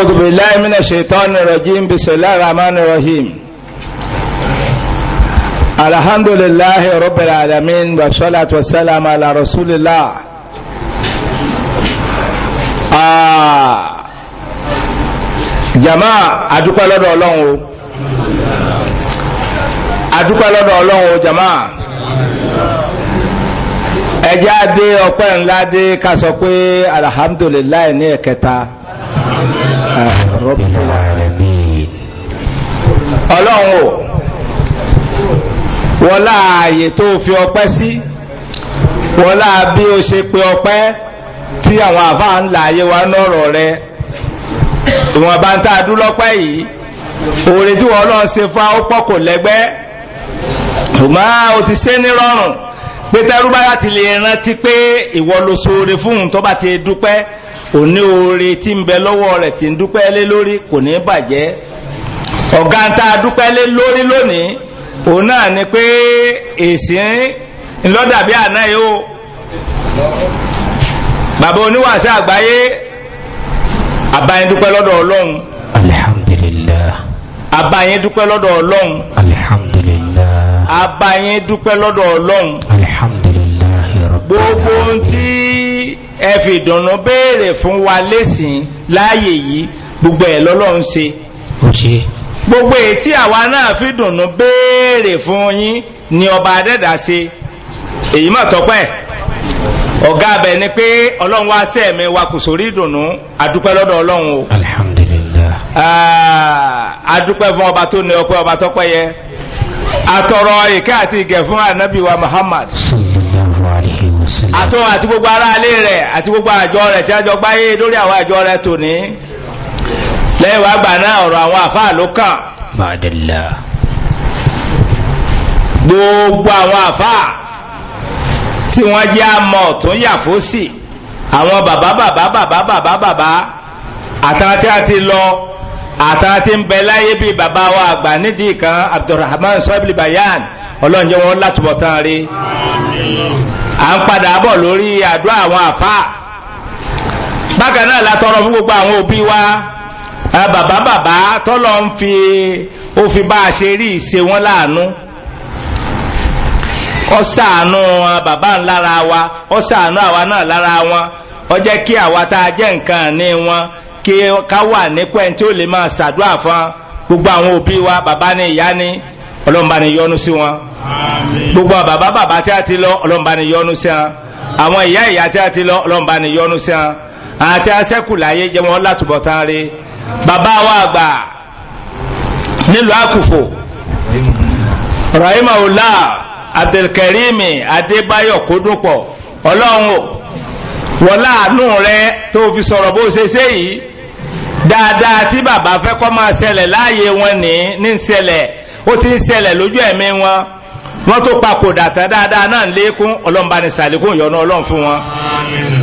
أعوذ بالله من الشيطان الرجيم بسم الله الرحمن الرحيم الحمد لله رب العالمين والصلاة والسلام على رسول الله آه جماعة adúpẹ́ lọ́dọ̀ Ọlọ́run o adúpẹ́ lọ́dọ̀ Ọlọ́run o jama ẹjẹ́ adé ọpẹ́ ńlá dé ká sọ pé alhamdulillah ní ẹ̀kẹta ọlọ́run ò wọlá ààyè tó fi ọpẹ́ sí wọlá bí ó ṣe pé ọpẹ́ tí àwọn àfáà ń là ayé wa nọ́rọ̀ rẹ ìwọ̀n bá ń tá a dúlọ́pẹ́ yìí oore tí wọ́n lọ́n ṣe fún ó pọ̀ kò lẹ́gbẹ́ ṣùgbọ́n o ti ṣe ní rọrùn pé tẹ́rú bá lè rántí pé ìwọ lo ṣoore fún un tó bá ti dúpẹ́ òní oore tí ń bẹ lọ́wọ́ rẹ̀ tí ń dúpẹ́ lé lórí kò ní bàjẹ́ ọ̀gá ń ta dúpẹ́ lé lórí lónìí òun náà ni pé èsì ń lọ́dàbí àná yìí o bàbá oníwàásí àgbáyé àbáyé dúpẹ́ lọ́dọ̀ ọlọ́run alhamdulillah àbáyé dúpẹ́ lọ́dọ̀ ọlọ́run alhamdulillah àbáyé dúpẹ́ lọ́dọ̀ ọlọ́run alhamdulillah gbogbo ohun tí ẹ fi ìdùnnú béèrè fún wa lẹ́sìn láàyè yìí gbogbo ẹ̀ lọ́lọ́run ṣe gbogbo èyí tí àwa náà fi dùnnú béèrè fún yín ni ọba adẹ́dà ṣe èyí mà tọ́pẹ́ ọ̀gá abẹ ni pé ọlọ́run wá sẹ́ẹ̀mí wa kò sórí ìdùnnú adúpẹ́ lọ́dọ̀ ọlọ́run o alhamdulillah adúpẹ́ ah, fún ọba tó ní ọpẹ́ ọba tọ́pẹ́ yẹ atọrọ ìkẹ́ àti ìgẹ̀ fún anabi muhammad sallallahu àtún àti gbogbo ará ilé rẹ̀ àti gbogbo àjọ rẹ̀ tí a jọ gbáyé lórí àwọn àjọ rẹ̀ tòní lẹ́yìn wá gbà náà ọ̀rọ̀ àwọn àfáà ló kàn bàdìlá gbogbo àwọn àfáà tí wọ́n jẹ́ àmọ́ tó ń yàfó sí àwọn bàbá bàbá bàbá bàbá bàbá àtàtí àti lọ àtàtí ń bẹ láyé bíi bàbá wa àgbà nídìí kan Abdulrahman sọ́bìlì bayan ọlọ́njẹ́ wọn látúbọ̀ tán rí à ń padà bọ̀ lórí àdúrà àwọn àfáà bákan náà fún gbogbo àwọn òbí wa bàbá bàbá tọ́lọ̀ ń fi ó fi bá a ṣe rí ìṣe wọn láàánú ó ṣàánú bàbá ńlára wa ó ṣàánú àwa náà lára wọn ó jẹ́ kí àwa tá a jẹ́ nǹkan ní wọn kí ká wà nípẹ́ tí ó lè máa ṣàdúrà fún gbogbo àwọn òbí wa bàbá ni ìyá ni ọlọ́mbà ni yọ́nú sí wọn gbogbo bàbá bàbá tí a ti lọ ọlọ́mbà ni yọ́nú sí wọn àwọn ìyá ìyá tí a ti lọ ọlọ́mbà ni yọ́nú sí wọn àti asẹ́kù láyé jẹ́ wọn látùbọ̀ tán rí bàbá wa àgbà nílùú àkùfò rahimahullah abdulkarimi adébáyọ̀ kódúpọ̀ ọlọ́run wọ́n láàánú rẹ tó fi sọ̀rọ̀ bó ṣe ṣe yìí dáadáa tí bàbá fẹ́ kọ́ máa ṣẹlẹ̀ láàyè wọn ní ní ṣẹlẹ̀ ó ti ń ṣẹlẹ̀ lójú ẹ̀mí wọn wọ́n tó papò tán dáadáa náà lékún ọlọ́mba ní sàlékún ìyọnu fún wọn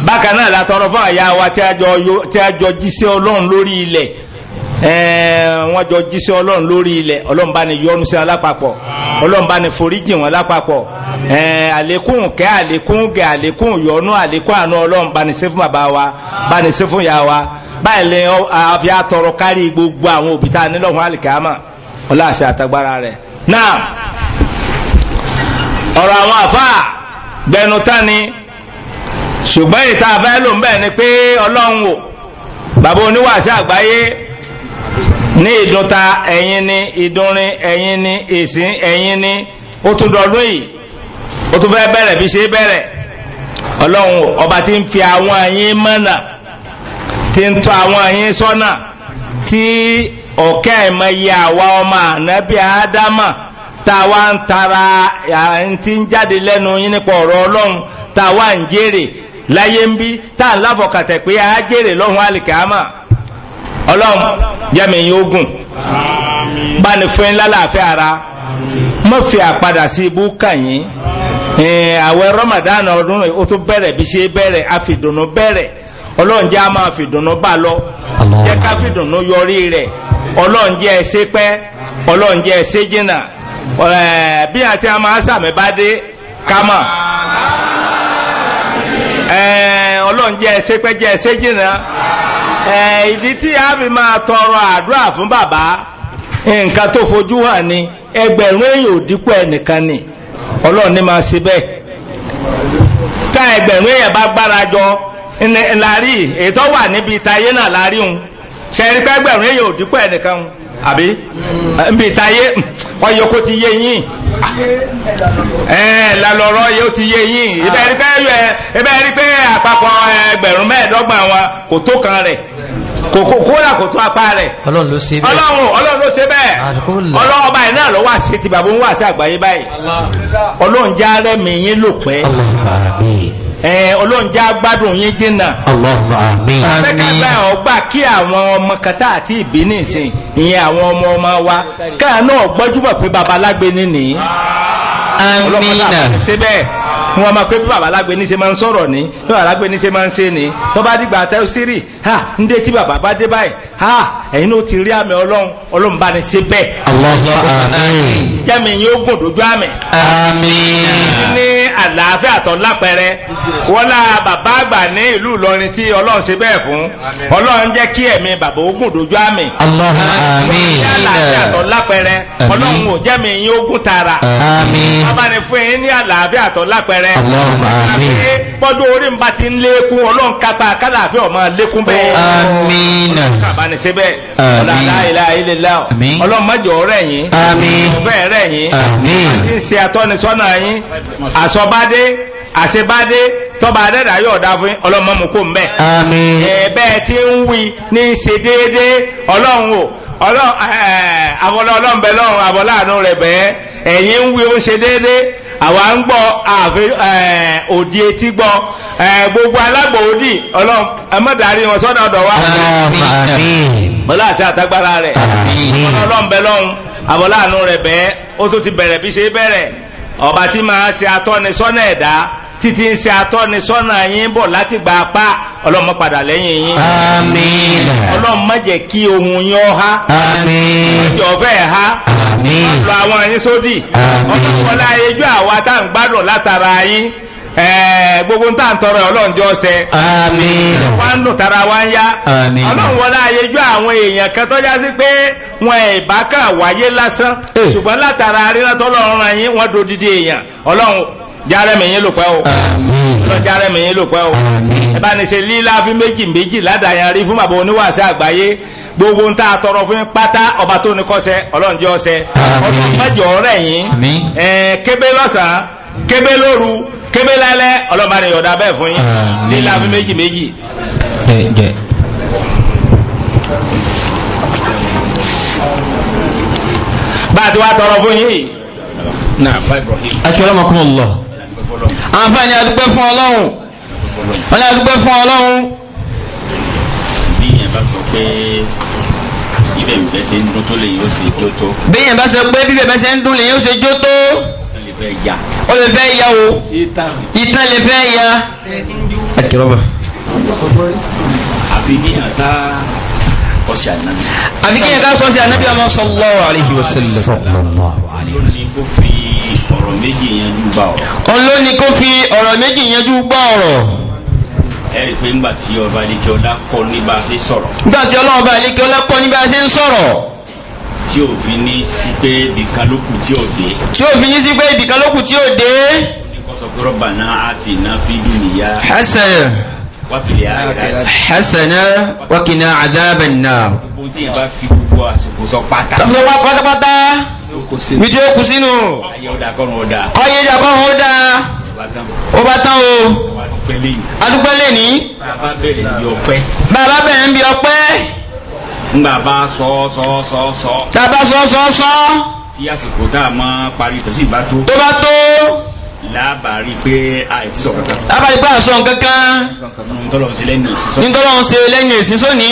bákan náà fún àyà wa tí a jọ jíṣẹ́ jọ jíṣẹ́ ọlọ́run lórí ilẹ̀ ní alápapọ̀ ní foríjì wọn lápapọ̀ fún bàbá wa fún wa báyìí gbogbo àwọn òbí tá a ọláàṣẹ àtagbára rẹ̀ náà ọ̀rọ̀ àwọn àfáà gbẹnu tán ni ṣùgbọ́n ìta abẹ́ ló ń bẹ̀ ni pé ọlọ́run wò bàbá oníwàásí àgbáyé ní ìdúnta ẹ̀yin ni ìdúnrin ẹ̀yin ni ìsìn ẹ̀yin ni ó tún dọdún yìí ó tún fẹ́ bẹ̀rẹ̀ bí ṣe bẹ̀rẹ̀ ọlọ́run ọba tí ń fi àwọn ẹ̀yin mọ̀nà tí ń tọ́ àwọn ẹ̀yin sọ́nà tí ọ̀kẹ́ ìmọ̀ye àwa ọmọ ànábì ádámà tàwa ń tara àyìn ń jáde lẹ́nu yín nípa ọ̀rọ̀ ọlọ́run tàwa ń jèrè láyé ń bí tá à ń láfọkàtẹ̀ pé a jèrè lọ́hùn àlìkàmà ọlọ́run jẹ́mi ogun bá fún yín ara mo fi àpadà sí ibú kàyín àwẹ̀ Ramadan ọdún ó tún bẹ̀rẹ̀ bí ṣe bẹ̀rẹ̀ àfìdùnnú bẹ̀rẹ̀ ọlọ́run jẹ́ bá lọ jẹ́ yọrí ọlọ́run jẹ́ ẹsẹ́ pẹ́ ọlọ́run jẹ́ ẹsẹ́ jìnnà bí àti àmọ́ àṣàmì bá dé kámà ọlọ́run jẹ́ ẹsẹ́ pẹ́ jẹ́ ẹsẹ́ jìnnà ìdí tí a fi máa tọrọ àdúrà fún bàbá nǹkan tó fojú hàn ni ẹgbẹ̀rún èèyàn ò dípò ẹnìkan ni ọlọ́run ní máa ṣe ẹgbẹ̀rún bá gbára jọ ètò wà níbi ìtayé náà òun sẹ́rin pẹ́gbẹ̀rún èyàn ò dínkù ẹnìkan àbí nbí táyé kó ti yé yín ẹ̀ lálọ́rọ́ ti yé yín ibẹ̀ rí pé ibẹ̀ rí pé àpapọ̀ ẹgbẹ̀rún mẹ́ẹ̀ẹ́dọ́gbọ̀n wọn kò tó kan rẹ̀ kò kò tó apá rẹ̀ ọlọ́run ló ṣe bẹ́ẹ̀ ọlọ́run ló ṣe bẹ́ẹ̀ ọlọ́run ọba ti bàbá òun wà sí àgbáyé báyìí ẹ̀ olóúnjẹ́ agbádùn yín jìnà Allahumma àmín mẹ́kàgbà ọgbà kí àwọn ọmọ kàtà àti ìbí nìsìn ìyẹn àwọn ọmọ ọmọ wa káà náà gbọ́júmọ̀ pé babalágbé nìní àmín síbẹ̀ wọn máa pé bàbá alágbe ní ṣe ma ń sọ̀rọ̀ ní bàbá alágbe ní ṣe ma ń ṣe ní tó bá dìgbà tẹ́ sírì ha ń dé tí bàbá bá dé báyìí ha ẹ̀yin ó ti rí àmì ọlọ́run ọlọ́run bá ní ṣe bẹ́ẹ̀. jẹ́mi yóò gùn dójú àmì. ní àlàáfíà tó lápẹẹrẹ wọ́lá bàbá àgbà ní ìlú ìlọrin tí ọlọ́run ṣe bẹ́ẹ̀ fún ọlọ́run jẹ́ kí ẹ̀mí bàbá ó gùn dójú àmì. ní àlàáfíà tó lápẹẹrẹ ọlọ́run ò jẹ́mi yóò gùn tara. bàbá ní fún yín ní àlàáfíà tó lápẹẹrẹ. bọ́dún orí ń bá ti ń lékún ní síbẹ̀ ọlọ́mọdé tọba adẹ́dà yóò dá fún ọlọ́mọmú kò ń bẹ̀ tí ń wí ní ṣe déédéé ọlọ́run o Eh, àbọ̀lá ọlọ́run bẹ lọ́run àbọ̀lá àánú rẹ̀ bẹ́ẹ̀ ẹ̀yin ń wí ó ṣe déédéé àwa ń gbọ́ eh, òdi etí gbọ́ eh, gbogbo alágbò òdì ọlọ́run ẹmọ́dàrí wọn sọ́dọ̀ ọ̀dọ̀ wa bọ́lá àti àtagbára rẹ̀ ọlọ́run bẹ lọ́run àbọ̀lá àánú rẹ̀ bẹ́ẹ̀ ó tún ti bẹ̀rẹ̀ bí ṣe bẹ̀rẹ̀ ọba tí máa ṣe atọ́ni sọ́nà ẹ̀dá títí ń ṣe atọ́ni sọ́nà yín bọ̀ láti gba apá ọlọ́mọ padà lẹ́yìn yín àmín ọlọ́mọ jẹ́ kí ohun yín ọ ha àmín ọjọ́ ọ̀fẹ́ ha àmín ọlọ́ àwọn yín sódì ọlọ́mọlá ejú àwa tá à ń gbádùn látara yín gbogbo tá à ń tọrọ ọlọ́run jọ ṣe àmín wá ń dùn tara wá ń yá àmín ọlọ́run wọlá ejú àwọn èèyàn kan tọ́já sí pé wọn ìbákà wáyé lásán eh. ṣùgbọ́n látara rírán tọ́lọ́run yín wọ́n dodidi èèyàn ọlọ́run járẹ̀mì yín lò pẹ́ o lọ járẹ̀mì yín lò pẹ́ o ẹ̀bá ni ṣe lílá fi méjì méjì ládàáyàn rí fún bàbá àgbáyé gbogbo ń a tọrọ fún pátá ọba tó ní kọ́sẹ́ ọlọ́njẹ́ ma ọdún mẹ́jọ yín kébé lọ́sàn-án kébé lóru kébé lálẹ́ ọlọ́ba ni yọ̀dá bẹ́ẹ̀ fún yín méjì méjì. bá a ti wá tọrọ fún yín. àǹfààní adúgbẹ́ fún ọlọ́run wọ́n ní adúgbẹ́ fún ọlọ́run. bíyẹn bá sọ pé bíbẹ̀ bẹ́ẹ̀ ṣe ń dún tó lè yóò ṣe jó tó. bíyẹn bá sọ pé bíbẹ̀ bẹ́ẹ̀ ṣe ń dún lè yóò ṣe jó tó. ó lè fẹ́ ya o ìtàn lè fẹ́ ya. akérọ́bà. àfi ní àṣà ọ̀sẹ̀ ànábì. àfi kéèyàn ká sọ ọ̀sẹ̀ ànábì ọmọ sallallahu alaihi wasallam. sallallahu alaihi wasallam ọ̀rọ̀ méjì yanjú bá ọ̀rọ̀. ọlọ́ kó fi ọ̀rọ̀ méjì yanjú bá ọ̀rọ̀. ẹ rí pé ńgbà tí ọba ilékẹ́ ọlá kọ́ ní bá a sọ̀rọ̀. nígbà tí ọlọ́run ọba ilékẹ́ ọlá kọ́ ní ṣe ń sọ̀rọ̀. tí ò fi ní sí pé ibìkan ló kù tí ò dé. tí ò fi ní sí pé ibìkan ló kù tí ò dé. oníkọ́sọ̀kọ́rọ̀ bàná àti ìnáfi dùnìyà. ẹsẹ̀ وفي الآخرة حسنة وقنا عذاب النار bí tí ó kú sínú kọ́yé ìdàkọ́rùn ó dáa ó bá tán o adúpẹ́ lè ní bàbá bẹ̀rẹ̀ ń bí ọpẹ́ ngbàbá sọ́ọ́sọ́ọ́sọ́ tàbá sọ́ọ́sọ́ọ́sọ́ tí àsìkò dáa mọ́ parí tọ́sí bá tó tó bá tó lábàárí pé àìsàn kankan lábàárí pé àìsàn kankan ní tọ́lọ́run ṣe lẹ́yìn èsì sóní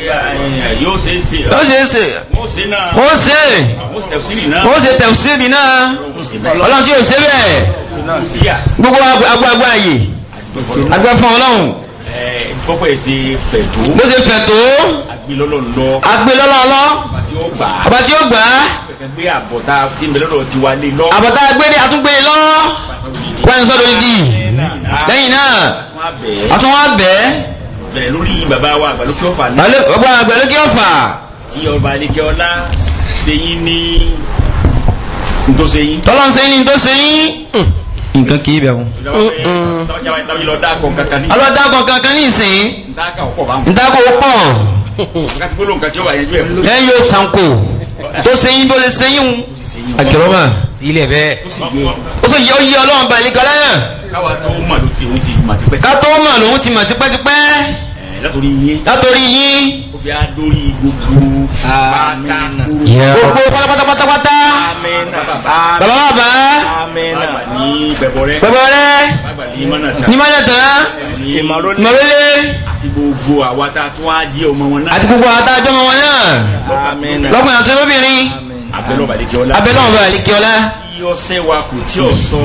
yóò ṣe é ṣe wọ́n ṣe wọ́n ṣe tẹ̀síìrì náà ọlọ́run tí yóò ṣe bẹ́ẹ̀ gbogbo agbágbá ayè agbá fún ọlọ́run gbọ́pọ̀ èsì fẹ̀tó bó ṣe fẹ̀tó agbélọ́lọ́lọ́ ọba tí ó gbà á àbọ̀tá tí ń bẹ lọ́dọ̀ ti wà lé e lọ àbọ̀tá gbé ní àtúgbé lọ wọ́n ń sọ́dọ̀ ìdí lẹ́yìn náà àtúnwá bẹ́ẹ̀ bẹ̀rẹ̀ lórí bàbá wa àgbàlókè ọ̀fà náà. bàbá àgbàlókè ọ̀fà. tí ọba àlekẹ́ ọlá sẹ́yìn ní ntòsẹ́yìn. tọ́lá ń sẹ́yìn ntòsẹ́yìn. nǹkan kì í bẹ̀ wọ́n. alọ́dà kan kankan ní ìsìn. ntakọ̀ pọ̀. ẹ yóò sanko tó sẹ́yìn bó lè sẹ́yìn. àkìrọ́mà ilẹ̀ bẹ́ẹ̀ ó sì yẹ oyé ọlọ́run bá ilé kọlẹ́ náà káwà tó mà ló ti òun ti mà ti pẹ́ ká tó mà ló ti mà ti pẹ́ ti pẹ́ látòrí yín látòrí yín ó fi á dórí gbogbo gbogbo pátápátápátá bàbá bàbá bẹ̀bọ̀rẹ́ ní mọ́nàtà ìmọ̀lẹ́lẹ́ àti gbogbo àwátá tó wá jẹ́ ọmọ wọn náà lọ́kùnrin àti lóbìnrin abẹ́lọ́ balikiola abẹ́lọ́ balikiola tí ó sẹ́ wa sọ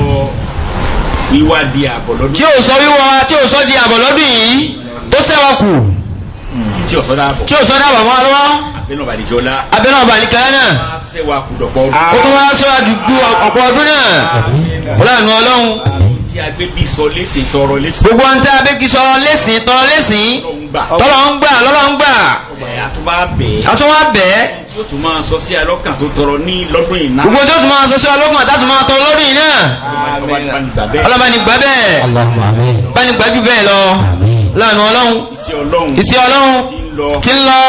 wíwá di àbọ̀ lọ́dún tí ó sọ di àbọ̀ lọ́dún yìí tó sẹ́ wa kù hmm, tí ó sọ dáàbọ̀ tí ó sọ dáàbọ̀ mọ́ alọ́ abẹ́lọ́ balikiola náà ó tún wá sẹ́ wa dùdú ọ̀pọ̀ ọdún náà ọlọ́run ọlọ́run tí a gbé bí sọ lẹ́sìn tọrọ lẹ́sìn. gbogbo ohun tí a gbé bí sọ lẹ́sìn tọrọ lẹ́sìn. tọ́lọ̀ ń gbà lọ́lọ́ ń gbà. àtúwá bẹ́ẹ̀. àtúwá bẹ́ẹ̀. tí o tún máa sọ sí alọ́kàn tó tọrọ ní lọ́dún yìí náà. gbogbo tí o tún máa sọ sí alọ́kàn tó tún máa tọrọ lọ́dún yìí náà. ọlọ́banìgbà bẹ́ẹ̀. ọlọ́banìgbà jù bẹ́ẹ̀ lọ. láàánú ọlọ́run. iṣẹ́ ọlọ́run tí ń lọ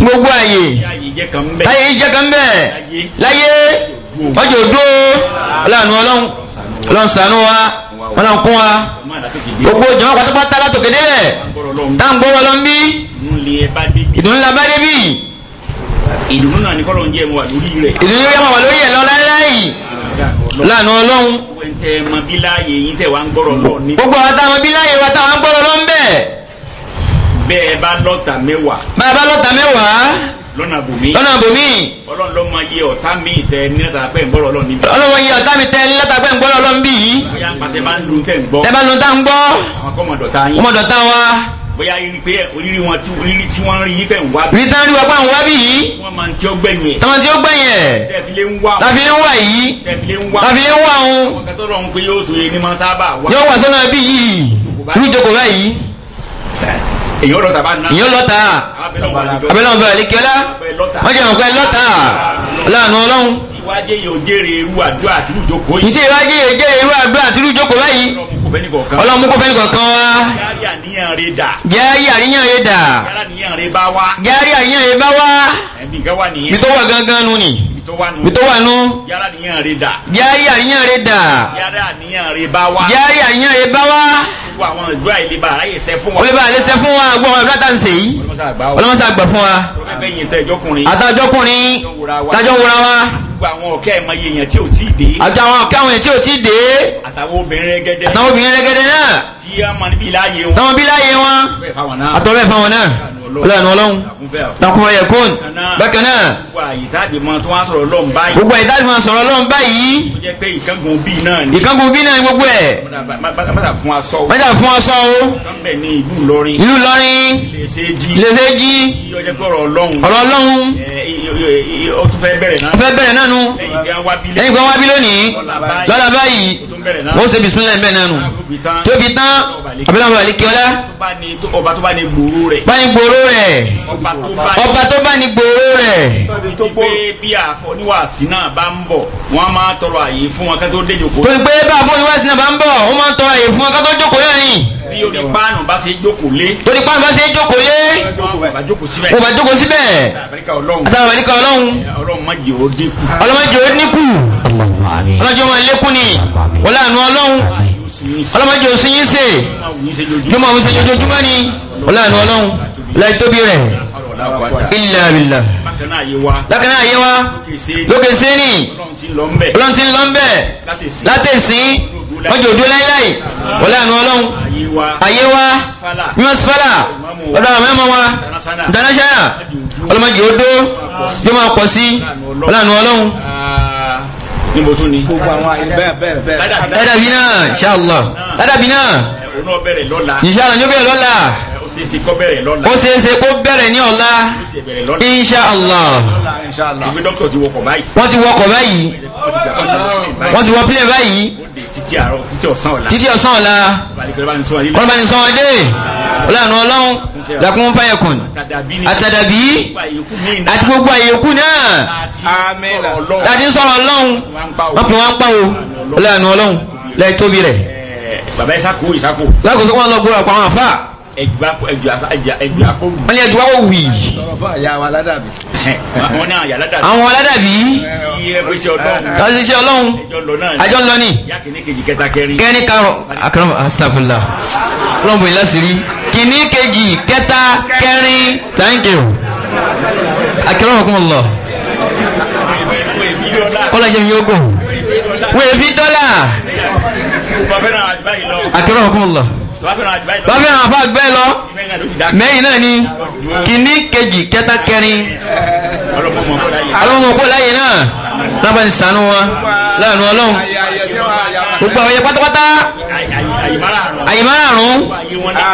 gbogbo àyè láyé ìjẹ́ kan bẹ́ẹ̀ láyé mọ́jọ dó ọlọ́run ọlọ́run ṣàánú wa ọlọ́run kún wa gbogbo jọmọ́ pátápátá látòkè délẹ̀ táǹgbọ́ wa lọ ń bí ìdùnnú la bá débì ìdùnnú náà ní kọ́lọ̀ ń jẹ́ wà lórí rẹ̀ ìdùnnú yẹ́ wà lórí ẹ̀ lọ láíláì lánàá ọlọ́run gbogbo àwọn táwọn bí láyé wa táwọn gbọ́rọ̀ lọ ń bẹ̀ bẹ́ẹ̀ bá lọ́ta mẹ́wàá lọ́nà bòmí. lọ́nà bòmí. ọlọ́run ló máa yẹ ọ̀tá mi tẹ ní lẹ́tà pẹ́ ń gbọ́rọ̀ ọlọ́run níbí. ọlọ́run yẹ ọ̀tá mi tẹ ní lẹ́tà pẹ́ ń gbọ́rọ̀ ọlọ́run bí yìí. bóyá ń pàtẹ bá ń lu tẹ̀ ń gbọ́. tẹ bá lu tá ń gbọ́. àwọn kọ́ mọ̀dọ̀ta yín. mọ̀dọ̀ta wa. bóyá rí pé oríire wọn tí oríire tí wọ́n rí yín pẹ̀ ń wá bí. rí tán rí wa pé ń wá bí yìí. wọ́n máa ń tí ó gbẹ̀yẹ̀. tọ́mọ tí ó gbẹ̀yẹ̀. tẹ̀filé ń wá. tẹ̀filé ń wá yìí. tẹ̀filé ń wá. tẹ̀filé ń wá òun. wọn kẹtọ́ lọ́run pé yóò sòye ní mọ́ sábà wá. yóò wà sọ́nà bí yìí. rújòkó báyìí. èyí ó lọ tà bá ná. èyí ó lọ tà àbẹ́lọ́n bẹ̀rẹ̀ lè kíọ́lá wọ́n jẹ́ ọ̀pẹ́ lọ́ta láàánú ọlọ́run ní tí ìwájẹ́ yóò jẹ́rẹ̀ irú àdúrà àti ìrújókòó báyìí ọlọ́run mú kó fẹ́ni kọ̀ọ̀kan wá járí àníyàn rẹ̀ dà járí àníyàn rẹ̀ bá wá mi tó wà gangan nù ni mi tó wà nù járí àníyàn rẹ̀ dà járí àníyàn rẹ̀ bá wá gbogbo àwọn ìdúrà ilé bá aráyè sẹ́ fún wa gbogbo àwọn ìdúrà ń ṣe ọlọ́mọ́sá gbà fún wa àtàjọkùnrin tàjọ wúra wa gbogbo àwọn ọ̀kẹ́ ẹ̀mọ iye èèyàn tí ò tí ì dé. àjọ àwọn ọ̀kẹ́ àwọn èèyàn tí ò tí ì dé. àtàwọn obìnrin rẹgẹdẹ. àtàwọn obìnrin rẹgẹdẹ náà. tí a mọ níbi láàyè wọn. táwọn bí láàyè wọn. àtọ̀rẹ́ fáwọn náà. ọlọ́run ọlọ́run. takunfẹ́ yẹ kóòn. bákan náà. gbogbo àyítáàdì máa sọ̀rọ̀ ọlọ́run báyìí. gbogbo àyítáàdì máa sọ̀rọ̀ ọlọ́run báyìí ó tún fẹ́ bẹ̀rẹ̀ náà. ó fẹ́ bẹ̀rẹ̀ náà nù. lẹ́yìn gbọ́n wá bí lónìí lọ́la báyìí ó ṣe bisimilá ẹ̀ bẹ́ẹ̀ náà nù. tóbi tán ọ̀bẹ̀lá ọ̀bẹ̀lá lè kí ọlá. ọba tó bá ní gbòòrò rẹ̀. bá ní gbòòrò rẹ̀. ọba tó bá ní gbòòrò rẹ̀. tó ń pé bá àfọ níwàásí náà bá ń bọ̀ wọ́n máa tọrọ àyè fún wọn kátó jókòó bí orí páànù bá ṣe jókòó lé. torí bá ṣe síbẹ̀. wọ́n ọlọ́run. àtàbàríkà ọlọ́run. ọlọ́run ọlọ́jọ́ máa lékún ni wọ́n ọlọ́run. ọlọ́run má jẹ́ ó sún yín sè. yóò máa wọ́n ṣe jojoojúmọ́ ni wọ́n ọlọ́run. láì tóbi rẹ̀. ilẹ̀ àbílà bákan náà ayé wa lókè sẹ́ni ọlọ́run ti ń lọ ń bẹ̀ látẹ̀sí wọ́n jò dúró láíláì wọ́n ọlọ́run ayé wa mímọ́sífàlà ọ̀dọ̀ àwọn mẹ́mọ́ wa international ọlọ́mọdé ó yóò máa pọ̀ sí wọ́n ọlọ́run ah, níbo náà inshallah ah, ládàbí náà. òun náà bẹ̀rẹ̀ lọ́la ṣeé ṣe kó bẹ̀rẹ̀ lọ́la. ó ṣeé ṣe kó bẹ̀rẹ̀ ní ọ̀la. insha wọ́n ti wọkọ̀ báyìí. wọ́n ti wọ pílẹ̀ báyìí. títí ọ̀sán ọ̀la. títí ọ̀sán ọlọ́run ọlọ́run làkún fàyẹ̀kùn. àtàdàbí àti gbogbo àyèkú náà. láti sọ̀rọ̀ ọlọ́run. wọ́n fi wọ́n pa ọlọ́run ọlọ́run lẹ́ẹ̀tóbi rẹ̀. bàbá ìsákò ìsákò. lákòókò wọn lọ gbọ́dọ̀ pa àfáà wọ́n ní ẹjùwá kò wì. àwọn aládàbí. àwọn ṣiṣẹ́ ọlọ́run. àjọ ń ní. kẹ́ni karùn akérò astagfirullah rọ́ǹbù yìí láti kìíní kejì kẹta kẹrin thank you. akérò ọkùnrin lọ. kọ́lá jẹ́ mi yóò gùn. wèé fi dọ́là. akérò ọkùnrin lọ bá fẹ́ràn àfáà gbẹ́ lọ mẹ́yìn náà ni kìíní kejì kẹta kẹrin alọ́mọ̀kó láyé náà lábá ní sànú wọn láàrin ọlọ́run gbogbo àwọn ẹyẹ pátápátá àyèmárààrún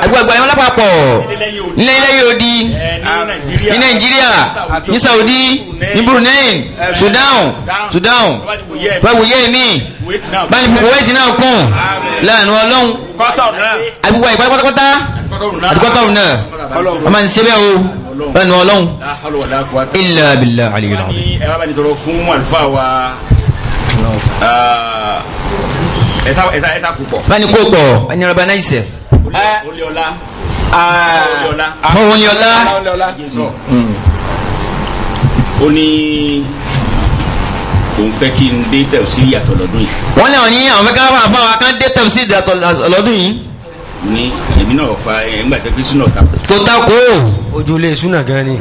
agbègbè àyèmọ́ lápapọ̀ nílẹ̀ ilẹ̀ yóò di ní Nàìjíríà ní Saudi ní Brunei Sudan Sudan wẹ́wùyé mi báyìí wẹ́ẹ̀tì náà kùn láàrin ọlọ́run agbègbè àyè pátápátá àtúkọ́kọ́rù náà a máa ń ṣe bẹ́ẹ̀ o ẹnu ọlọ́run ilẹ̀ abilẹ̀ alìyàn báni kó pọ̀ ẹni ọba náà ìsẹ̀ ọ̀hún ni ọlá ó ní òun fẹ́ kí n dé tẹ̀sí ìyàtọ̀ lọ́dún yìí wọ́n ní àwọn ní àwọn fẹ́ ká bá wa kán dé tẹ̀sí ìyàtọ̀ lọ́dún yìí ní ẹ̀mí náà fa ẹgbà tẹ́ pí súnà tako. tó tako ojúlé súnà gan ni.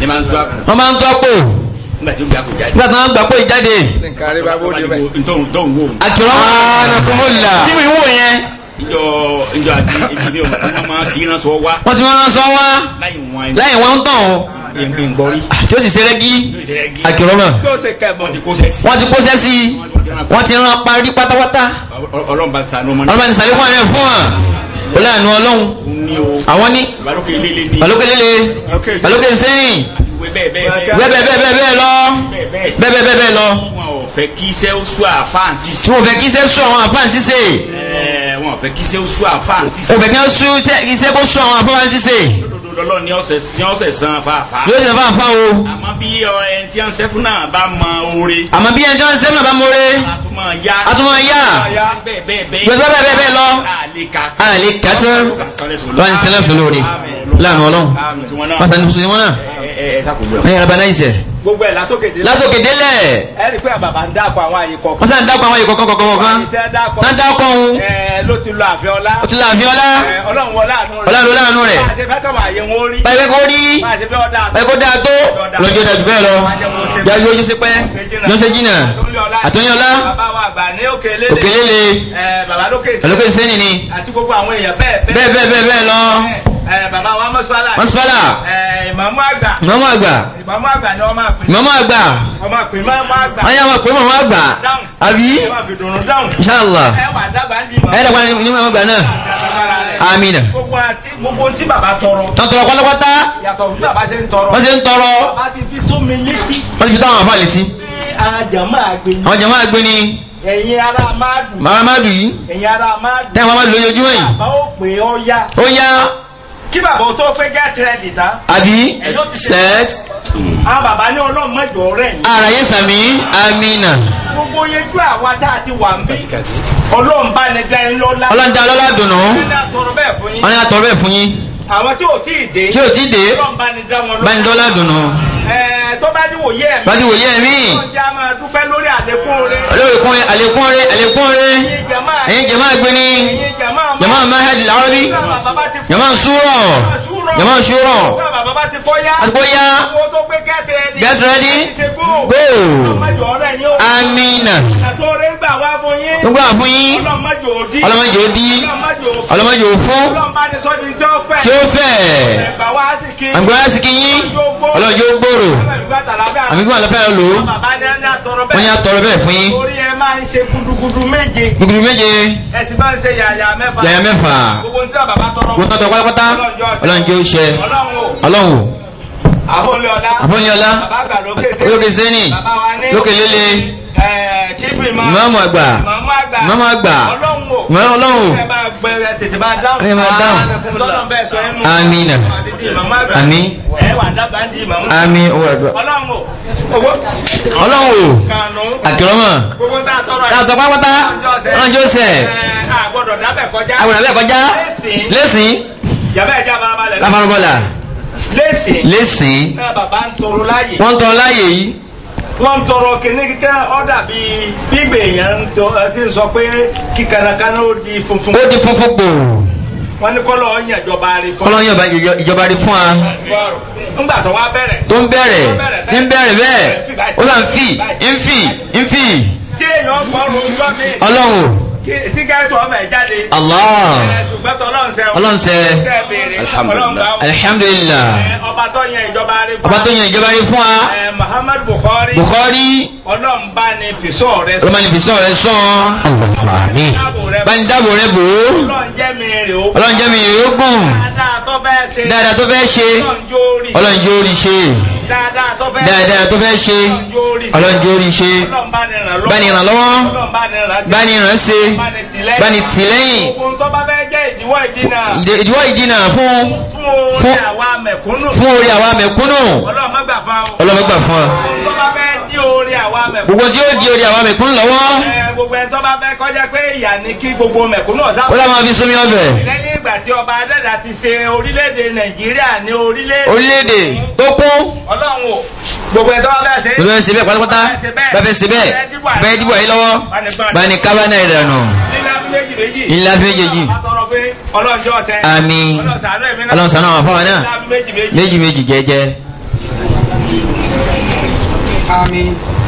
ẹ máa ń tó àpò. wọ́n máa ń tó àpò. nígbà tí ó gbà kó jáde. nígbà tí wọ́n gbà kó jáde. àkìrọ́ anakunmọ́lá. tí mi wò yẹn. ìjọ ìjọ àti ìdílé ọmọ wọn máa ti rán sọ wá. wọ́n ti rán sọ wá. láì wọ́n tán o ah, tí ó sì ṣe rẹ́gí láàánú ọlọ́run àwọn ní balókèlélé balókèsẹ́yìn bẹ́ẹ̀ bẹ́ẹ̀ bẹ́ẹ̀ lọ bẹ́ẹ̀ bẹ́ẹ̀ bẹ́ẹ̀ lọ wọn ò fẹ́ kí iṣẹ́ ó sún àfáàn ṣíṣe. tí wọn ò fẹ́ kí iṣẹ́ sún àwọn àfáàn ṣíṣe. ẹ wọn ò fẹ́ kí iṣẹ́ ó sún àfáàn ṣíṣe. wọn ò fẹ́ kí iṣẹ́ kó sún àwọn àfáàn ṣíṣe. lọ́lọ́ ni ọ̀sẹ̀ san fàáfà. yóò ṣe fàáfà o. àmọ́ bí ẹni tí wọ́n sẹ́fún náà bá mọ oore. àmọ́ bí ẹni tí wọ́n sẹ́fún náà bá mọ oore. àtúmọ̀ ya. àtúmọ̀ ya. bẹ́ẹ̀ bẹ́ẹ̀ bẹ́ẹ̀ lọ. àlè kàtó. wọ́n ń sẹ́lẹ̀ gbogbo ẹ̀ látòkèdélẹ̀. látòkèdélẹ̀. ẹ rí i pé bàbá ń dákọ̀ àwọn àyè kọ̀ọ̀kan. wọ́n sá ń dákọ̀ àwọn àyè kọ̀ọ̀kan kọ̀ọ̀kan kọ̀ọ̀kan. tán dákọ̀ òun. ẹ ló ti lo àfẹ́ ọlá. ó ti lo àfẹ́ ọlá. ọlọ́run wọlé àánú rẹ̀. ọlọ́run wọlé àánú rẹ̀. pàṣẹ fẹ́ kọ̀wá àyè wọn rí. pàṣẹ kọ́ rí. pàṣẹ kọ́ dáa tó. lọ́jọ́ dàbí bẹ́ẹ̀ lọ. jáde ojú sí pẹ́. lọ́sẹ̀ jìnnà. àtúnyẹ̀ ọlá. òkèlélẹ̀. bàbá lókè sẹ́ni ni. àti gbogbo àwọn èèyàn bẹ́ẹ̀ bẹ́ẹ̀ bẹ́ẹ̀ Eh, bàbá wa mọ́sífàlà. mọ́sífàlà. Eh, ìmọ̀mọ́ àgbà. ìmọ̀mọ́ àgbà. ìmọ̀mọ́ àgbà ni wọ́n máa pè. ìmọ̀mọ́ àgbà. ọmọ pè mọ́mọ́ àgbà. wọ́n yà wọ́n pè mọ́mọ́ àgbà. dáhùn. àbí. inṣàlá. ẹ wà dábàá ní ìmọ̀mọ́ àgbà náà. amina. gbogbo tí bàbá tọrọ. tọ́tọ̀rọ̀ pátápátá. yàtọ̀ fún bàbá ṣe ń tọrọ. wọ́n ṣe ń tọrọ. bàbá ti fi tó mi létí. wọ́n ti fi tó àwọn àfáà létí. àwọn jàmáà gbé ni ẹ̀yin ara máàdù yìí ẹ̀yin ara máàdù tẹ́wọ́n máàdù lójoojúmọ́ yìí ó yá kí bàbá o tó pé get ready tán. àbí set. àwọn ah, bàbá ní ọlọ́run mẹ́jọ rẹ̀. ara yẹn sàmì amina. gbogbo yẹjú àwa tá a ti wà ń bí. ọlọ́run bá ní dá ẹ lọ́lá. ọlọ́run dá lọ́lá dùnú. ọlọ́run àtọ̀rọ̀ bẹ́ẹ̀ bẹ́ẹ̀ fún yín. àwọn tí ò tí dé. tí ò tí dé. ọlọ́run bá ní dá wọn lọ́lá. bá ní dọ́lá dùnú. tó bá ní wòye ẹ̀mí. bá ní wòye ẹ̀mí. ọjà máa dúpẹ́ lórí àlékún rẹ̀. lórí àlékún rẹ̀ jama mahad al-arabi jama ṣúrọ̀ jama ṣúrọ̀ àtìkóyá get ready go amina gbogbo àfúnyí ọlọ́mọdé òdí ọlọ́mọdé òfún tí ó fẹ́ àgbẹ̀wá sí kí yí ọlọ́jọ́ gbòrò àmìgbọ́n àlọ́fẹ́ ọlọ́ wọ́n yá tọrọ bẹ́ẹ̀ fún yí gúdùgúdù méje yàyà mẹ́fà mẹ́fà wọ́n tọ́tọ̀ pátápátá ọlọ́run jẹ́ oṣẹ ọlọ́run àfọ́nlẹ́ọlá olókè sẹ́ni lókè lélẹ̀ mọ́mú àgbà mọ́mú àgbà mọ́mú ọlọ́run amina ami ami ọlọ́run o àkìrọ́mọ̀ látọ̀ pápátá ọ̀n jọ́sẹ̀ àgbọ̀dọ̀ dábẹ̀ kọjá lẹ́sìn lábàrúbọ̀là lẹ́sìn eh, wọ́n tọ́ láyé yìí wọ́n ń tọrọ kìnní kíkẹ́ ọ̀dà bíi gbígbè èèyàn ti ń sọ pé kíkanakana ó di funfun. ó di funfun gbòò. wọ́n ní kọ́lọ́ yàn ìjọba rí fún wa. kọ́lọ́ yàn ìjọba rí fún wa. ńgbà tó wá bẹ̀rẹ̀. tó ń bẹ̀rẹ̀ tí ń bẹ̀rẹ̀ bẹ́ẹ̀ ó là ń fì ń fì ń fì. tí èèyàn gbọ́ ọlọ́run tí gẹ́ẹ̀tù ọmọ ẹ̀ jáde ṣùgbọ́n tọ́lọ́nsẹ̀ ọba tó yẹn ìjọba rí fún wa Muhammad Bukhari ọlọ́run bá ní fìsọ́ rẹ sọ. ọlọ́run bá ní fìsọ́ rẹ sọ. bá ní dáàbò rẹ bò ó. ọlọ́run jẹ́ mi rè ó gùn. dáadáa tó fẹ́ ṣe. ọlọ́run jẹ́ orí ṣe. dáadáa tó fẹ́ ṣe. ọlọ́run jẹ́ orí ṣe. bá ní ràn lọ́wọ́. bá ní ràn ṣe. bá ní tìlẹ́yìn ìdíwọ́ ìdínà fún orí àwa mẹ̀kúnnù ọlọ́mọgbà fún ọ gbogbo tí ó di orí àwa mẹ̀kúnnù lọ́wọ́ gbogbo ẹ̀ tó bá fẹ́ kọjá pé ìyà ní kí gbogbo mẹ̀kúnnù ọ̀sán ó lámọ́ fi súnmí ọbẹ̀ lẹ́yìn ìgbà tí ọba adẹ́dà ti ṣe orílẹ̀-èdè Nàìjíríà ní orílẹ̀-èdè tó kún ọlọ́run gbogbo ẹ̀ tó bá fẹ́ ṣe bẹ́ẹ̀ ṣe bẹ́ẹ̀ pátápátá bẹ́ẹ̀ fẹ́ ṣe bẹ́ẹ̀ bẹ́ẹ̀ dìbò ayé lọ́wọ́ bá ní kábánà ìrànà ńlá méjèèjì ọlọ́ọ̀ṣọ́ ọ̀sẹ̀ náà wà fáwọn náà méjì méjì jẹ́jẹ́ àmín